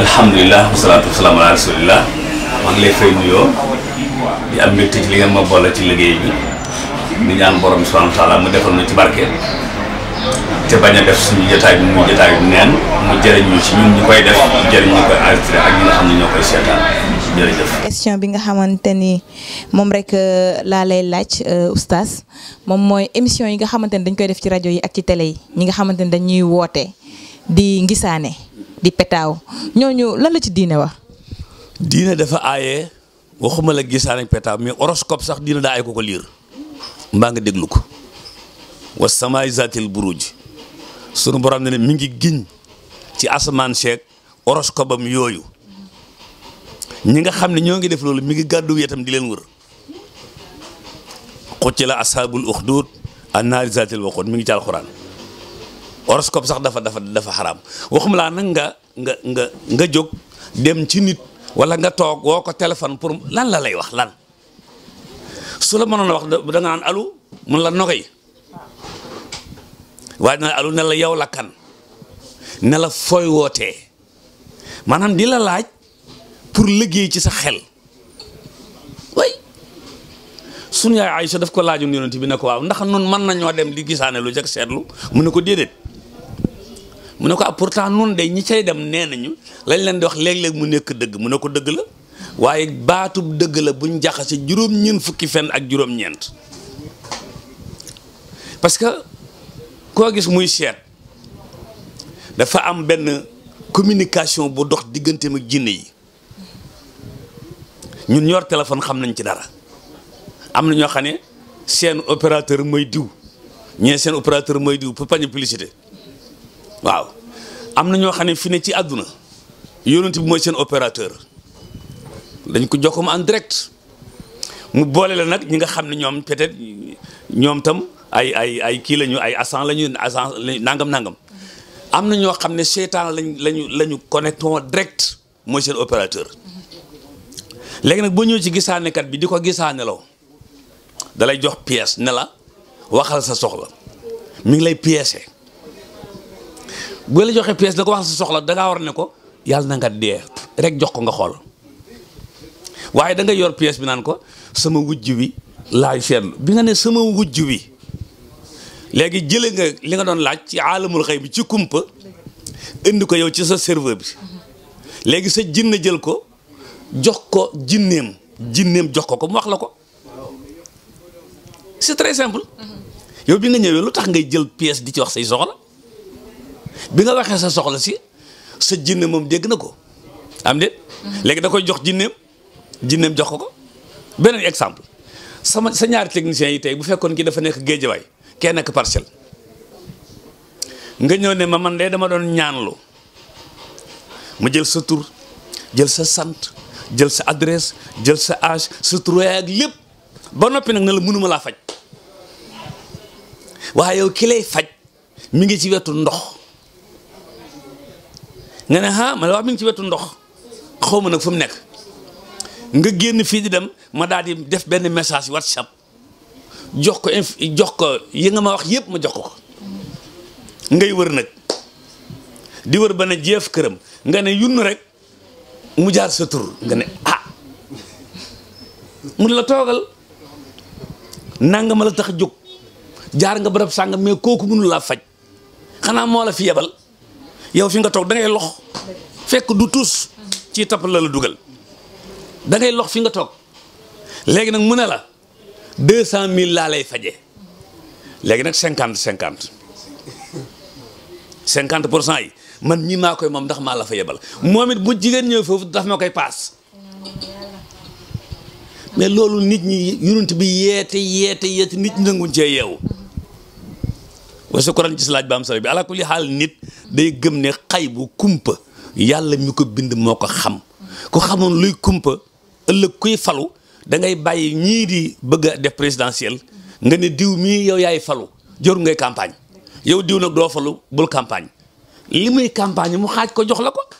alhamdulilah wasalaatu wasalaam ala rasulillah maa ngi lay fay nuyoo di am mbégte ci li ngeen ma liggéey bi mu defal na ci barke te bañ a def suñu jotaay bi neen mu jëriñ ñu ci ñun ñu koy def jëriñ ñu koy enregistré ak ñi nga xam ñoo koy seetaan jërëjëf. question bi nga xamante ni moom rek euh, laa lay laaj euh, oustaz moom mooy émission yi nga xamante ni dañ koy def ci rajo yi ak ci télé yi ñi nga xamante ni dañuy woote. di ngisaane di petaaw ñooñu lan la ci diine wax. diine dafa aaye waxuma la gisaane petaaw mais horoscope sax diine daa ay ko ko liir mbaa nga déglu ko wa wasamaay zatil buruj sunu borom ne ne mi ngi giñ ci asamaan seeg horoscope am yooyu ñi nga xam ne ñoo ngi def loolu mi ngi gàddu yetam di leen wër xucci la ashaabul uxduud annaari zatil waqud mi ngi ci alxuraan horoscope sax dafa dafa dafa xaraam waxum laa nag nga nga nga nga jóg dem ci nit wala nga toog woo ko téléphone pour lan la lay wax lan su la mënoon a wax da nga naan alu mun la nogoy waaye dina alu ne la yow la kan ne la fooy wootee maanaam di la laaj pour liggéey ci sa xel way sunu yaay Aïcha daf ko laajoon yonent bi ne ko waaw ndax nun mën nañoo dem di gisaane lu jag seetlu mu ne ko déedéet mu ne ko ah pourtant noonu de ñi cay dem nee nañu lañ leen di wax léeg-léeg mu nekk dëgg mu ne ko dëgg la waaye baatub dëgg la buñ jaxase juróom-ñeent fukki fen ak juróom-ñeent parce que koo gis muy seet dafa am benn communication bu dox digganteem ak jinne yi ñun ñor téléphone xam nañ ci dara am na ñoo xam ne seen opérateur mooy diw ñee seen opérateur mooy diw pour pañe publicité waaw am na ñoo xam ne fi ne ci àdduna yonent bi mooy seen opérateur dañ ko jox ko mu en direct mu boole la nag ñi nga xam ne ñoom peut-être ñoom tam ay ay ay kii lañu ay agent la ñu agent nangam nangam am na ñoo xam ne seytaan lañ lañu la ñu connecton direct mooy seen opérateur léegi nag boo ñëw ci gisaanekat bi di ko gisaa nelaw dalay jox pièce ne waxal sa soxla mi ngi lay pièce boo la joxee pièce da ko wax sa soxla da ngaa war ne ko yàlla na nga dee rek jox ko nga xool waaye da nga yor pièce bi naan ko sama wujj wi laay seetlu bi nga ne sama wujj wi léegi jële nga li nga doon laaj ci aalamul xëy bi ci kumpa indi ko yow ci sa serveur bi léegi sa jinne jël ko jox ko jinneem jinneem jox ko ko mu wax la ko c'est très simple mm-hmm. yow bi nga ñëwee lu tax ngay jël pièce di ci wax say soxla bi nga waxee sa soxla si sa jinne moom dégg na ko am de mhm. léegi da koy jox jinneem jinneem jox ko ko beneen exemple sama sa ñaari techniciens yi tey bu fekkoon ki dafa nekk géejawaay kee nekk parcelle nga ñëw ne ma man de dama doon ñaanlu mu jël sa tur jël sa sant jël sa adresse jël sa age sa tur ak lépp ba noppi nag na la mënuma laa faj waaye yow ki lay faj mu ngi ci wetu ndox nga ne ah ma ne wax mi ci wetu ndox xaw ma nag fu mu nekk nga génn fii di dem ma daal di def benn message whatsapp jox ko inf jox ko yi nga ma wax yépp ma jox ko ngay wër nag di wër ba ne jeef këram nga ne yunn rek mu jaar sa tur nga ne ah mun la toogal nanga ma la tax jóg jaar nga barab sàngam mais kooku mënu laa faj xanaa moo la fi yebal yow fi nga toog da ngay lox fekk du tus ci tapp la la dugal da ngay lox fi nga toog léegi nag mu ne la deux cent mille laa lay faje léegi nag cinquante cinquante cinquante pour cent yi man ñi maa koy moom ndax maa la fa yebal moom it bu jigéen ñëw foofu daf ma koy paas mais loolu nit ñi yurunte bi yeete yeete yeete nit ñi nanguñ cee yeewu wa sukkuran ci laaj ba am solo bi ala kulli xaal nit day gëm ne xay bu kumpa yàlla mi ko bind moo ko xam ku xamoon luy kumpa ëllëg kuy falu da ngay bàyyi ñii di bëgg a def présidentiel nga ne diw mii yow yaay falu jor ngay campagne yow diw nag doo falu bul campagne li muy campagne mu xaaj ko jox la ko